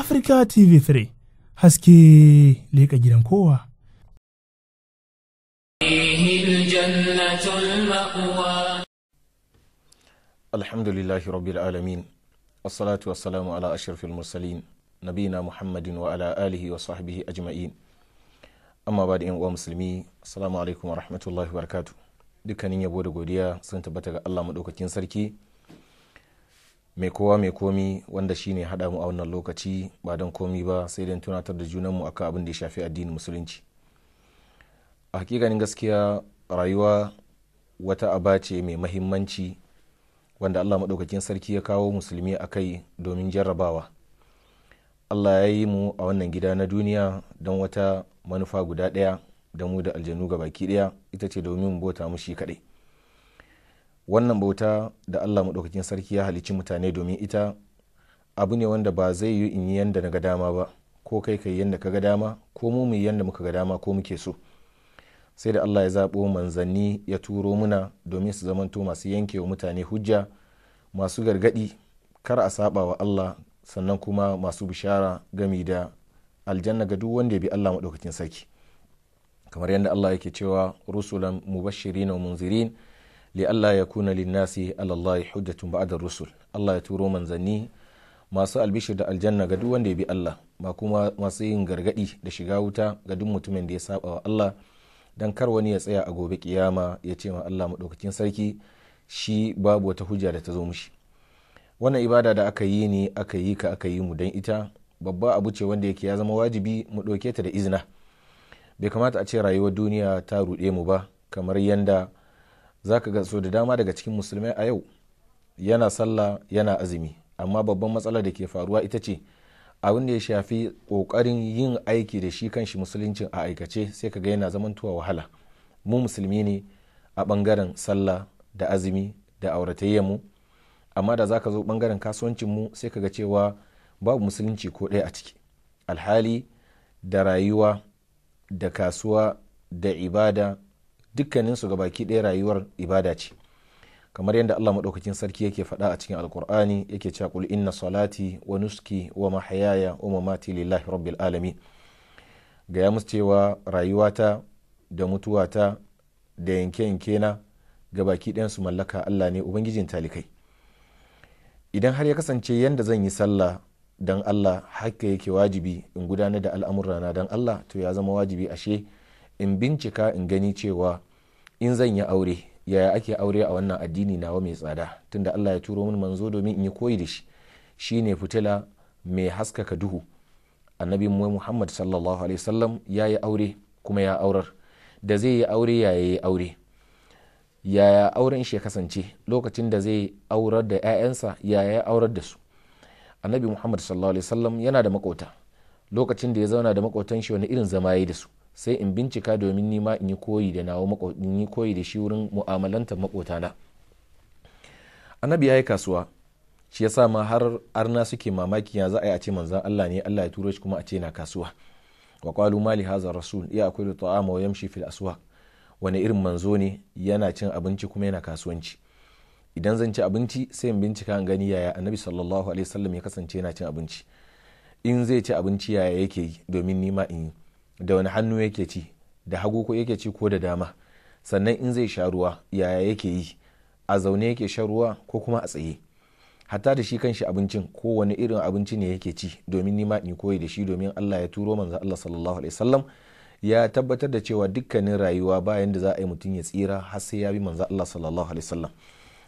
Africa TV3 haske leka gidan kowa. Alhamdulillahi Rabbil Alamin, wassalatu wassalamu ala ashirfil mursalin, nabina Muhammadin wa ala alihi wa sahbihi ajma'in. Amma ba da uwa musulmi, Assalamu alaikum wa rahmatullahi wa barakatuh. Dukkanin yabo da godiya sun tabbata ga Allah maɗaukakin sarki. mai kowa mai komi wanda shine hada mu a wannan lokaci ba don komi ba sai don tunatar da junanmu akan abin da ya shafi addinin musulunci a hakikanin gaskiya rayuwa wata abace mai mahimmanci wanda allah maɗaukakin sarki ya kawo musulmi a kai domin jarrabawa allah ya yi mu a wannan gida na duniya don wata manufa guda ɗaya da mu da aljanu ga baki ɗaya ita ce domin mu bota mu shi kaɗai wannan bauta da allah maɗaukakin sarki ya halicci mutane domin ita abu ne wanda ba zai yi in yi yanda na ga dama ba ko kai kai yanda ka ga dama ko mu mu yanda muka ga dama ko muke so sai da allah ya zaɓo manzanni ya turo muna domin su zamanto masu yankewa mutane hujja masu gargaɗi kar a saba wa allah sannan kuma masu bishara gami da aljanna ga duk wanda ya bi allah maɗaukakin sarki kamar yadda allah yake cewa rusulan mubashirin wa munzirin li Allah ya kuna linnasi alallahi hujjatun ba'da rusul Allah ya turo manzanni masu albishir da aljanna ga duk wanda ya bi Allah ba kuma masu yin gargadi da shiga wuta ga duk mutumin da ya saba wa Allah dan kar wani ya tsaya a gobe kiyama ya ce ma Allah madaukakin sarki shi babu wata hujja da ta zo mushi wannan ibada da aka yi ni aka yi ka aka yi mu dan ita babba abu ce wanda yake ya zama wajibi mu ɗauke ta da izina bai kamata a ce rayuwar duniya ta ruɗe mu ba kamar yanda za ka ga so da dama daga cikin musulmai a yau yana sallah yana azumi amma babban matsalar da ke faruwa ita ce abin da ya shafi kokarin yin aiki da shi kan shi musuluncin a aikace sai ka ga yana zaman tuwa wahala mu musulmi ne a bangaren sallah da azumi da auratayya mu amma da za ka zo bangaren kasuwancin mu sai ka ga cewa babu musulunci ko ɗaya a ciki alhali da rayuwa da kasuwa da ibada dukkaninsu ga baki ɗaya rayuwar ibada ce kamar yadda Allah maɗaukakin sarki yake faɗa a cikin alkur'ani yake cewa qul inna salati wa nuski wa mahayaya wa mamati lillahi rabbil alamin gaya musu cewa rayuwata da mutuwata da yanke yanke na ga baki ɗayan su mallaka Allah ne ubangijin talikai idan har ya kasance yanda zan yi sallah dan Allah haka yake wajibi in gudanar da na dan Allah to ya zama wajibi ashe in bincika in gani cewa in zan yi aure yaya ake aure a wannan addini nawa mai tsada tunda Allah ya turo min manzo domin in yi koyi da shi shine fitila mai haskaka duhu annabi Muhammad sallallahu alaihi wasallam ya yi aure kuma ya aurar da zai yi aure yaya yi aure yaya auren shi ya kasance lokacin da zai aurar da 'ya'yansa yaya ya aurar da su annabi Muhammad sallallahu alaihi wasallam yana da makota lokacin da ya zauna da makotan shi wani irin zama ya da su sai in bincika domin nima in yi koyi da nawa in yi koyi da shi wurin mu'amalanta makotana annabi ya yi kasuwa shi yasa ma har arna suke mamaki ya za a yi a ce manzan Allah ne Allah ya turo shi kuma a ce na kasuwa wa qalu mali hadha rasul ya akulu ta'ama wa yamshi fil aswa wani irin manzo ne yana cin abinci kuma yana kasuwanci idan zan ci abinci sai in bincika in gani yaya annabi sallallahu alaihi wasallam ya kasance yana cin abinci in zai ci abinci yaya yake yi domin nima in yi da wani hannu yake ci da hagu ko yake ci ko da dama sannan in zai sha ruwa yaya yake yi a zaune yake sha ruwa ko kuma a tsaye hatta da shi kanshi abincin ko wani irin abinci ne yake ci domin nima in koyi da shi domin Allah ya turo manzo Allah sallallahu alaihi wasallam ya tabbatar da cewa dukkanin rayuwa bayan da za a yi mutum ya tsira har sai ya bi manzo Allah sallallahu alaihi wasallam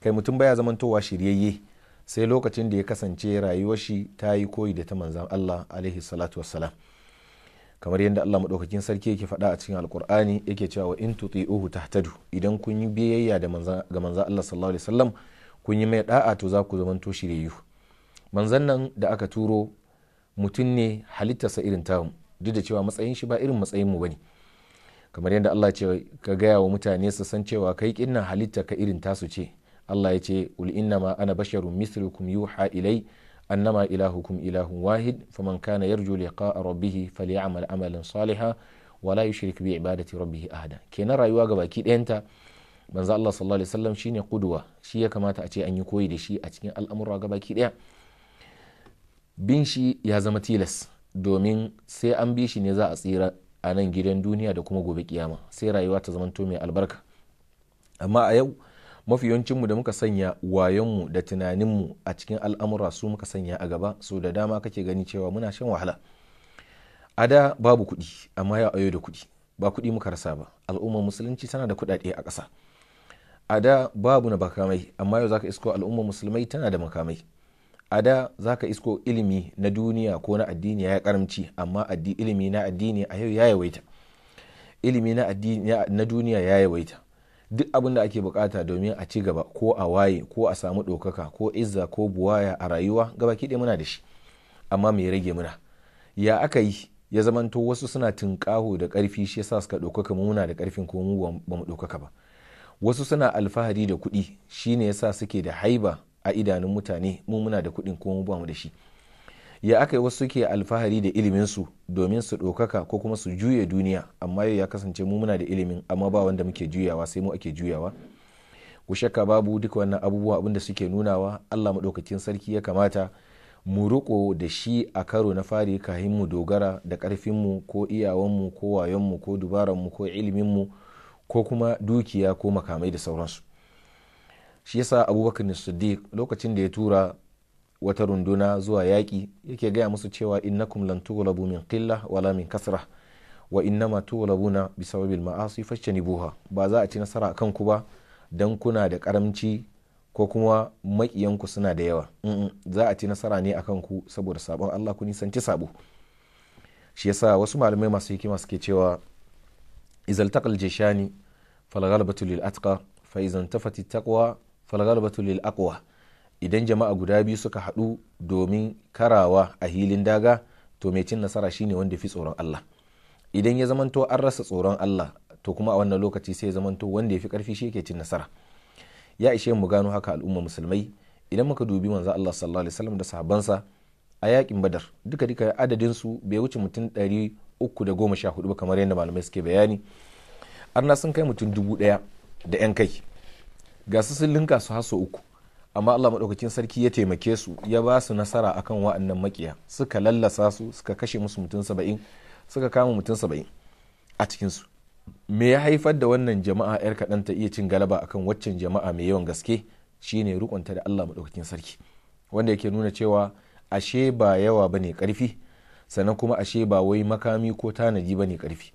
kai mutum baya zamantowa shiryayye sai lokacin da ya kasance rayuwar shi ta yi koyi da ta manzan Allah alaihi salatu wassalam kamar yadda Allah maɗaukakin sarki yake faɗa a cikin alkur'ani yake cewa wa in tuti'uhu tahtadu idan kun yi biyayya da ga manza Allah sallallahu alaihi wasallam kun yi mai da'a to za ku zamanto shiryayyu manzan nan da aka turo mutum ne halittarsa irin tamu duk da cewa matsayin shi ba irin matsayin mu bane kamar yadda Allah ce ka gaya wa mutane su san cewa kai kinnan halitta ka irin tasu ce Allah ya ce ul inna ma ana basharun mislukum yuha ilai annama ilahukum ilahun wahid faman kana yarju liqa'a rabbih falyamal amalan saliha wala yushrik bi ibadati rabbih ahada kenan rayuwa ga baki ɗayanta manzo Allah sallallahu alaihi wasallam shine kuduwa shi ya kamata a ce an yi koyi da shi a cikin al'amura ga baki ɗaya bin shi ya zama tilas domin sai an bi shi ne za a tsira a nan gidan duniya da kuma gobe kiyama sai rayuwa ta zamanto mai albarka amma a yau mafi yawancinmu da muka sanya wayonmu da tunaninmu a cikin al'amura su muka sanya a gaba so da dama kake gani cewa muna shan wahala a da babu kuɗi amma ya ayo da kuɗi ba kuɗi muka rasa ba al'ummar musulunci tana da kuɗaɗe a ƙasa a da babu na makamai amma yau zaka isko al'ummar musulmai tana da makamai a da zaka isko ilimi na duniya ko na addini ya karamci amma ilimi na addini a yau ya yawaita ilimi na duniya ya yawaita duk abin da ake bukata domin a ci gaba ko a waye ko a samu ɗaukaka ko izza ko buwaya a rayuwa gaba kiɗe muna da shi amma mai rage muna ya aka yi ya zamanto wasu suna tunƙaho da ƙarfi shi yasa suka ɗaukaka mu muna da ƙarfin ko mu ba mu ɗaukaka ba wasu suna alfahari da kuɗi shine yasa suke da haiba a idanun mutane mu muna da kuɗin ko mu ba mu da shi ya aka yi wasu suke alfahari da iliminsu domin su ɗaukaka ko kuma su juya duniya amma yau ya kasance mu muna da ilimin amma ba wanda muke juyawa sai mu ake juyawa ku shakka babu duka wannan abubuwa abinda suke nunawa allah maɗaukakin sarki ya kamata mu riko da shi a karo na fari kahin mu dogara da karfin mu ko iyawan mu ko mu ko mu ko ilimin mu ko kuma dukiya ko makamai da sauransu shi yasa abubakar siddiq lokacin da ya tura wata runduna zuwa yaƙi yake gaya musu cewa innakum lan tughlabu min qilla wala min kasra wa innama tughlabuna bisababil ma'asi fashtanibuha ba za a ci nasara akan ku ba dan kuna da karamci ko kuma maƙiyanku suna da yawa za a ci nasara ne akan ku saboda sabon Allah ku nisanci sabo shi yasa wasu malamai masu hikima suke cewa izal taqal jishani fal ghalabatu lil atqa fa izan tafati taqwa fal ghalabatu lil aqwa idan jama'a guda biyu suka haɗu domin karawa a hilin daga to mai cin nasara shine wanda fi tsoron Allah idan ya zamanto an rasa tsoron Allah to kuma a wannan lokaci sai ya zamanto wanda ya fi karfi shi yake cin nasara ya ishe mu gano haka al'umma musulmai idan muka dubi manzo Allah sallallahu alaihi wasallam da sahabbansa a yakin badar duka duka adadin su bai wuce mutum 314 ba kamar yadda malamai suke bayani arna sun kai mutum dubu daya da yan kai ga su sun linka su haso uku amma Allah maɗaukakin sarki ya taimake su ya ba su nasara akan wa'annan makiya suka lallasa su suka kashe musu mutum saba'in suka kama mutum saba'in a cikinsu me ya haifar da wannan jama'a yar kaɗan ta iya cin galaba akan waccan jama'a mai yawan gaske shine rikonta da Allah maɗaukakin sarki wanda yake nuna cewa ashe ba yawa bane karfi sannan kuma ashe ba wai makami ko tanadi ne karfi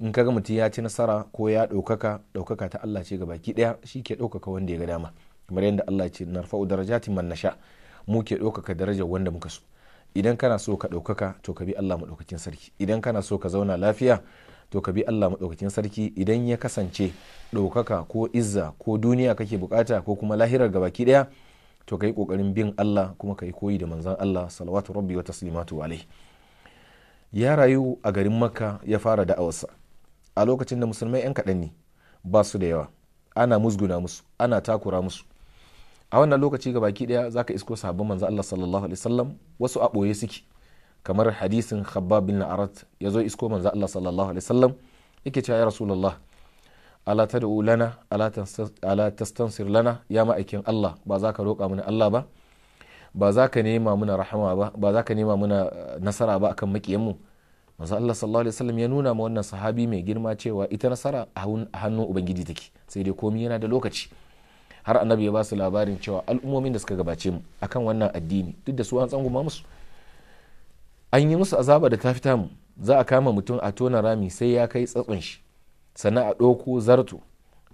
in kaga mutum ya ci nasara ko ya ɗaukaka ɗaukaka ta Allah ce ga baki ɗaya shi ke ɗaukaka wanda ya ga dama kamar yadda Allah ce narfa'u darajati man nasha mu ke ɗaukaka darajar wanda muka so idan kana so ka ɗaukaka to ka bi Allah maɗaukakin sarki idan kana so ka zauna lafiya to ka bi Allah maɗaukakin sarki idan ya kasance ɗaukaka ko izza ko duniya kake bukata ko kuma lahirar gabaki ɗaya to ka yi ƙoƙarin bin Allah kuma ka yi koyi da manzan Allah salawatu rabbi wa taslimatu alaihi ya rayu a garin makka ya fara da'awarsa a lokacin da musulmai 'yan kaɗan ne ba su da yawa ana musguna musu ana takura musu a wannan lokaci ga baki daya zaka isko sabon manzo Allah sallallahu alaihi wasallam wasu a boye suke kamar hadisin Khabbab bin Arat zo isko manzo Allah sallallahu alaihi wasallam yake cewa ya rasulullah ala tad'u lana ala tastansir lana ya ma'aikin Allah ba za ka roƙa mana Allah ba ba za ka nema muna rahama ba ba za nema muna eh, nasara ba akan makiyanmu manzo Allah sallallahu alaihi wasallam ya nuna ma wannan sahabi mai girma cewa ita nasara a hannun ubangiji take sai dai komai yana da lokaci har annabi ya ba su labarin cewa al'ummomin da suka gabace mu akan wannan addini duk da su an tsanguma musu an yi musu azaba da ta fita mu za a kama mutum a tona rami sai ya kai tsatson shi sannan a ɗauko zarto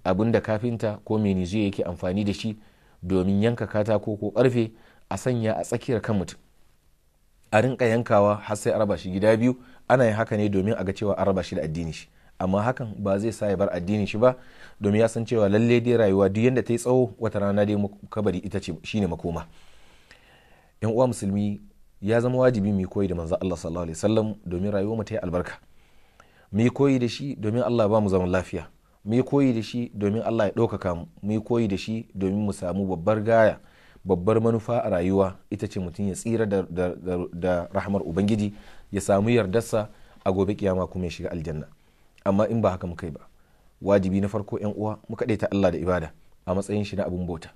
abin da kafinta ko menizo yake amfani da shi domin yanka katako ko ƙarfe a sanya a tsakiyar kan mutum a rinka yankawa har sai a raba shi gida biyu ana yin haka ne domin a ga cewa an raba shi da addini shi amma hakan ba zai sa ya bar addinin shi ba domin ya san cewa lalle dai rayuwa duk yadda ta yi tsawo wata rana dai kabari ita ce shi ne makoma yan uwa musulmi ya zama wajibi mu koyi da manzo Allah sallallahu alaihi wasallam domin rayuwar mu ta yi albarka mu koyi da shi domin Allah ba mu zaman lafiya mu koyi da shi domin Allah ya ɗaukaka mu mu koyi da shi domin mu samu babbar gaya babbar manufa a rayuwa ita ce mutum ya tsira da, da, da, da ubangiji ya samu yardarsa a gobe kiyama kuma ya shiga aljanna amma in ba haka muka yi ba wajibi na farko yan uwa muka ta Allah da ibada a matsayin shi na abun bota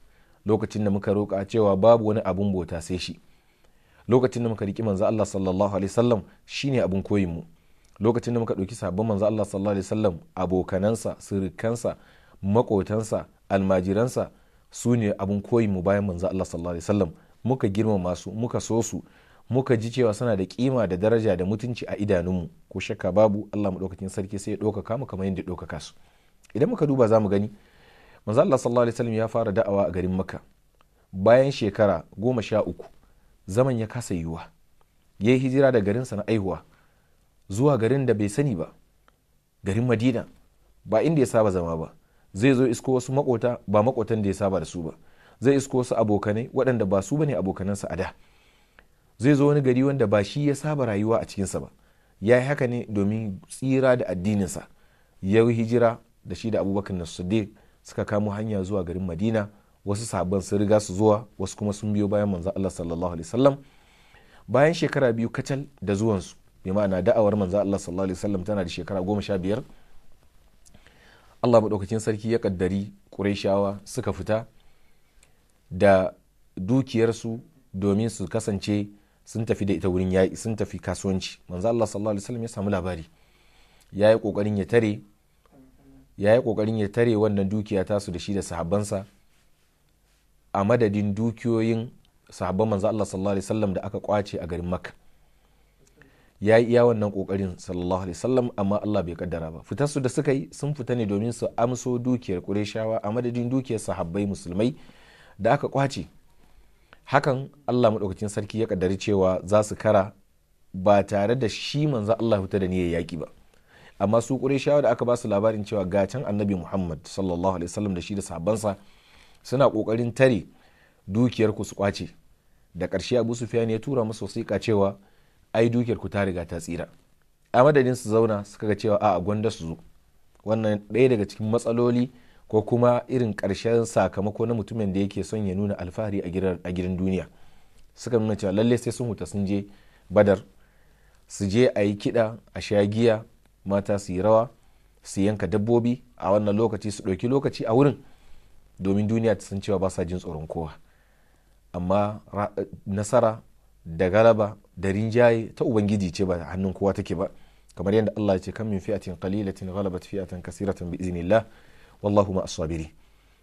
lokacin da muka roƙa cewa babu wani abun bota sai shi lokacin da muka riki manzo Allah sallallahu alaihi wasallam shine abun koyin mu lokacin da muka ɗauki sabon manzo Allah sallallahu alaihi wasallam abokanansa sirikansa makotansa almajiransa su ne abun koyin mu bayan manzo Allah sallallahu alaihi wasallam muka girmama su muka so su muka ji cewa suna da kima da daraja da mutunci a idanunmu ko shakka babu Allah maɗaukakin sarki sai ya ɗaukaka mu kamar yadda ɗaukaka su idan muka duba za mu gani manzo Allah sallallahu alaihi wasallam ya fara da'awa a garin Makka bayan shekara goma sha uku zaman ya kasa yiwuwa ya yi hijira da garinsa na aihuwa zuwa garin da bai sani ba garin Madina ba inda ya saba zama ba zai zo isko wasu maƙota ba maƙotan da ya saba da su ba zai isko wasu abokanai waɗanda ba su ba ne abokanansa a da zai zo wani gari wanda ba shi ya saba rayuwa a cikinsa ba ya yi haka ne domin tsira da addininsa ya yi hijira da shi da abubakar na siddiq suka kamo hanya zuwa garin madina wasu sabon sun riga su zuwa wasu kuma sun biyo bayan manzo allah sallallahu alaihi wasallam bayan shekara biyu kacal da zuwansu bi ma'ana da'awar manzo allah sallallahu alaihi wasallam tana da shekara goma sha biyar allah maɗaukacin sarki ya kaddari ƙurayshawa suka fita da dukiyarsu domin su kasance sun tafi da ita wurin yaƙi sun tafi kasuwanci manzo Allah sallallahu alaihi wasallam ya samu labari ya yi kokarin ya tare ya kokarin ya tare wannan dukiya tasu da shi da sahabbansa a madadin dukiyoyin sahabban manzo Allah sallallahu alaihi wasallam da aka kwace a garin Makka ya yi iya wannan kokarin sallallahu alaihi wasallam amma Allah bai kaddara ba fitar su da suka yi sun fita ne domin su amso dukiyar Qurayshawa a madadin dukiyar sahabbai musulmai da aka kwace hakan Allah maɗaukacin sarki ya kaddari cewa za su kara ba tare da shi manzo Allah fita da niyyar yaƙi ba amma su ƙureshawa da aka ba su labarin cewa gacan annabi Muhammad sallallahu alaihi wasallam da shi da sahabbansa suna ƙoƙarin tare dukiyar ku su kwace da ƙarshe Abu Sufyan ya tura musu wasiƙa cewa ai dukiyar ku ta riga ta tsira a madadin su zauna suka ga cewa a'a gwanda su zo wannan ɗaya daga cikin matsaloli ko kuma irin ƙarshen sakamako na mutumin da yake son ya nuna alfahari a gidan duniya suka nuna cewa lalle sai sun huta sun je badar su je a yi kiɗa a sha giya mata su yi rawa su yanka dabbobi a wannan lokaci su ɗauki lokaci a wurin domin duniya ta san cewa ba sa jin tsoron kowa amma nasara da galaba da rinjaye ta ubangiji ce ba hannun kowa take ba kamar yadda Allah ya ce kan min fi'atin qalilatin ghalabat fi'atan kasiratan bi iznillah wallahu ma asabiri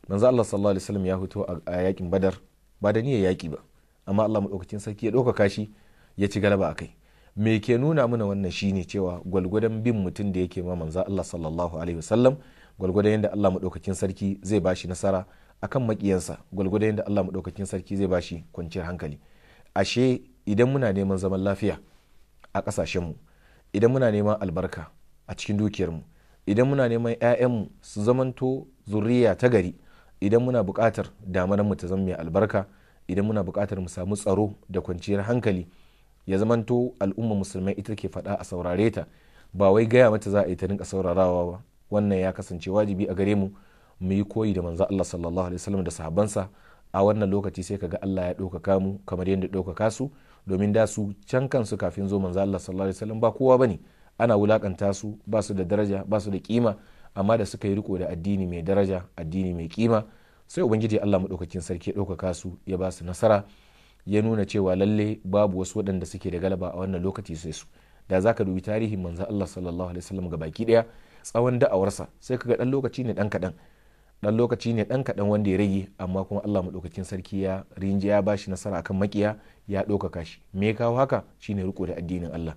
manzo Allah sallallahu alaihi wasallam ya fito a yakin badar ba da niyyar yaki ba amma Allah madaukakin sarki ya dauka kashi ya ci galaba akai me ke nuna mana wannan shine cewa gwalgwadan bin mutum da yake ma manzo Allah sallallahu alaihi wasallam gwalgwadon yadda Allah madaukakin sarki zai bashi nasara akan makiyansa gwalgwadon yadda Allah madaukakin sarki zai bashi kwanciyar hankali ashe idan muna neman zaman lafiya a kasashenmu idan muna neman albarka a cikin dukiyar mu. idan muna neman 'ya'yanmu su zamanto zuriya ta gari idan muna buƙatar damarar mu ta zama mai albarka idan muna buƙatar mu samu tsaro da kwanciyar hankali ya zamanto al'umma musulmai ita ke faɗa a saurare ta ba wai gaya mata za a yi ta rinka saurarawa ba wannan ya kasance wajibi a gare mu mu yi koyi da manzo Allah sallallahu alaihi wasallam da sahabbansa a wannan lokaci sai kaga Allah ya ɗaukaka mu kamar yadda ɗaukaka su domin da su can kansu kafin zo manzo Allah sallallahu alaihi wasallam ba kowa bane ana wulakanta su ba su da daraja ba su da kima amma da suka yi riko da addini mai daraja addini mai kima sai ubangiji allah maɗaukakin sarki ɗaukaka su ya ba su nasara ya nuna cewa lalle babu wasu waɗanda suke da galaba a wannan lokaci sai su da za ka dubi tarihin manzan allah sallallahu alaihi wasallam ga baki ɗaya tsawon da'awarsa sai ka ga ɗan lokaci ne ɗan kaɗan ɗan lokaci ne ɗan kaɗan wanda ya rage amma kuma allah maɗaukakin sarki ya rinji ya ba shi nasara akan makiya ya ɗaukaka shi me kawo haka shine riko da addinin allah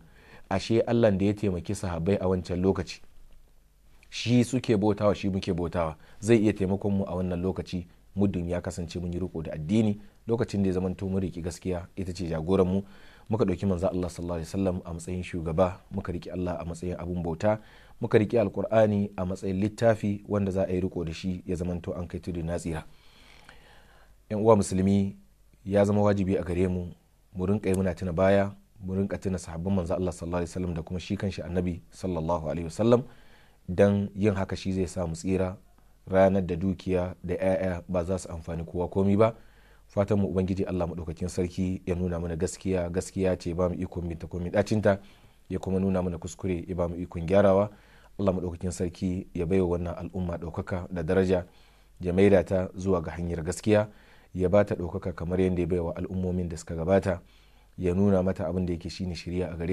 ashe allah da ya taimaki sahabbai a wancan lokaci shi suke bautawa shi muke bautawa zai iya taimakon mu a wannan lokaci muddin ya kasance mun yi riko da addini lokacin da ya zamanto mun riki gaskiya ita ce jagoran mu muka ɗauki manzo Allah sallallahu alaihi wasallam a matsayin shugaba muka riki Allah a matsayin abun bauta muka riki alkur'ani a matsayin littafi wanda za a yi riko da shi ya zamanto an kai tudu na tsira yan uwa musulmi ya zama wajibi a gare mu mu rinka yi muna tuna baya mu rinka tuna sahabban manzo Allah sallallahu alaihi wasallam da kuma shi kanshi annabi sallallahu alaihi wasallam dan yin haka shi zai sa mu tsira ranar da dukiya da 'ya'ya ba za su amfani kowa komi ba fatan mu ubangiji Allah madaukakin sarki ya nuna mana gaskiya gaskiya ce ba mu ikon binta komi dacinta ya kuma nuna mana kuskure ya ba mu ikon gyarawa Allah madaukakin sarki ya baiwa wannan al'umma daukaka da daraja ya maida ta zuwa ga hanyar gaskiya ya ba ta daukaka kamar yadda ya baiwa al'ummomin da suka gabata ya nuna mata abin da yake shine shirya a gare